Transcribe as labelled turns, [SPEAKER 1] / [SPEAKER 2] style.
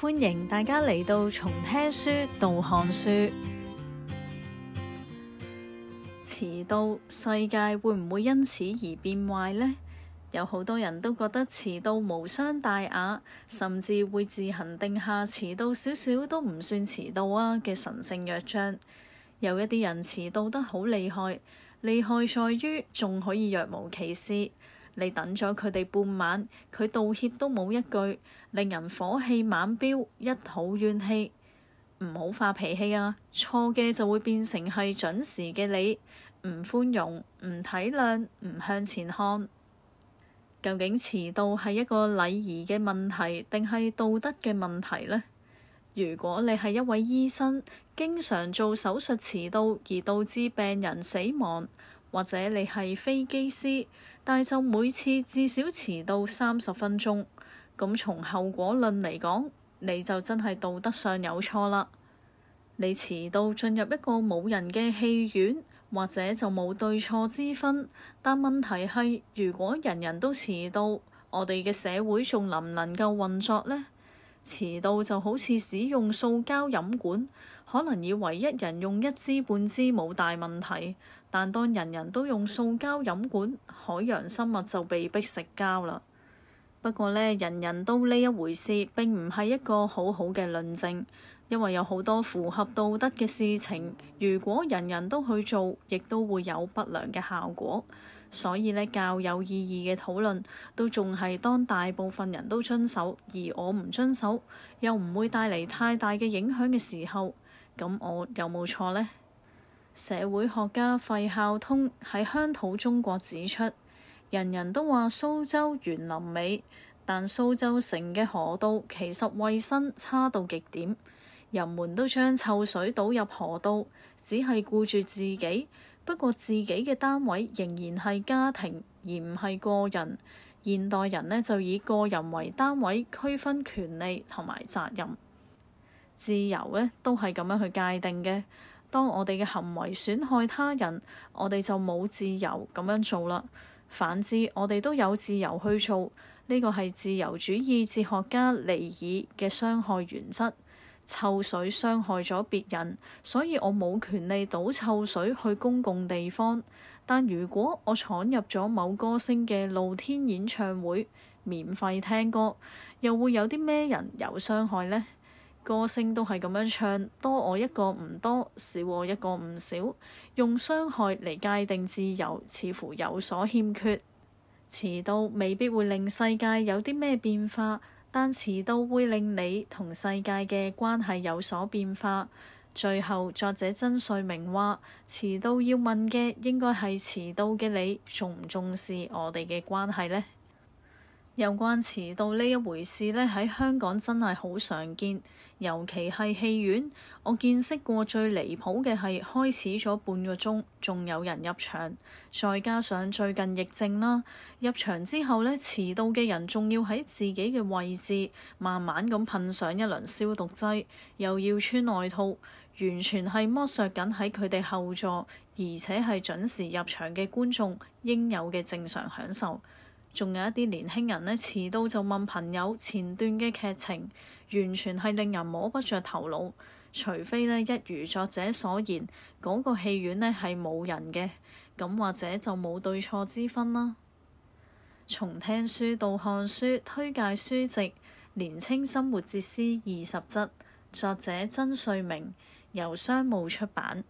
[SPEAKER 1] 歡迎大家嚟到從聽書到看書。遲到，世界會唔會因此而變壞呢？有好多人都覺得遲到無傷大雅，甚至會自行定下遲到少少都唔算遲到啊嘅神聖約章。有一啲人遲到得好厲害，厲害在於仲可以若無其事。你等咗佢哋半晚，佢道歉都冇一句，令人火氣猛飆，一肚怨氣。唔好發脾氣啊！錯嘅就會變成係準時嘅你，唔寬容、唔體諒、唔向前看。究竟遲到係一個禮儀嘅問題，定係道德嘅問題咧？如果你係一位醫生，經常做手術遲到，而導致病人死亡。或者你係飛機師，但就每次至少遲到三十分鐘，咁從後果論嚟講，你就真係道德上有錯啦。你遲到進入一個冇人嘅戲院，或者就冇對錯之分，但問題係如果人人都遲到，我哋嘅社會仲能唔能夠運作呢？遲到就好似使用塑膠飲管，可能以為一人用一支半支冇大問題，但當人人都用塑膠飲管，海洋生物就被逼食膠啦。不過呢，人人都呢一回事，並唔係一個好好嘅論證，因為有好多符合道德嘅事情，如果人人都去做，亦都會有不良嘅效果。所以呢，較有意義嘅討論都仲係當大部分人都遵守，而我唔遵守，又唔會帶嚟太大嘅影響嘅時候，咁我有冇錯呢？社會學家費孝通喺《鄉土中國》指出，人人都話蘇州園林美，但蘇州城嘅河道其實衞生差到極點，人們都將臭水倒入河道，只係顧住自己。不過自己嘅單位仍然係家庭，而唔係個人。現代人呢，就以個人為單位區分權利同埋責任，自由呢，都係咁樣去界定嘅。當我哋嘅行為損害他人，我哋就冇自由咁樣做啦。反之，我哋都有自由去做。呢個係自由主義哲學家尼爾嘅傷害原則。臭水傷害咗別人，所以我冇權利倒臭水去公共地方。但如果我闖入咗某歌星嘅露天演唱會，免費聽歌，又會有啲咩人有傷害咧？歌星都係咁樣唱，多我一個唔多，少我一個唔少。用傷害嚟界定自由，似乎有所欠缺。遲到未必會令世界有啲咩變化。但遲到會令你同世界嘅關係有所變化。最後，作者曾瑞明話：「遲到要問嘅應該係，遲到嘅你重唔重視我哋嘅關係呢？」有關遲到呢一回事咧，喺香港真係好常見，尤其係戲院。我見識過最離譜嘅係開始咗半個鐘，仲有人入場。再加上最近疫症啦，入場之後咧，遲到嘅人仲要喺自己嘅位置慢慢咁噴上一輪消毒劑，又要穿外套，完全係剝削緊喺佢哋後座，而且係準時入場嘅觀眾應有嘅正常享受。仲有一啲年輕人呢，遲到就問朋友前段嘅劇情，完全係令人摸不着頭腦。除非呢，一如作者所言，嗰、那個戲院呢係冇人嘅，咁或者就冇對錯之分啦。從聽書到看書，推介書籍《年輕生活哲思二十則》，作者曾瑞明，由商務出版。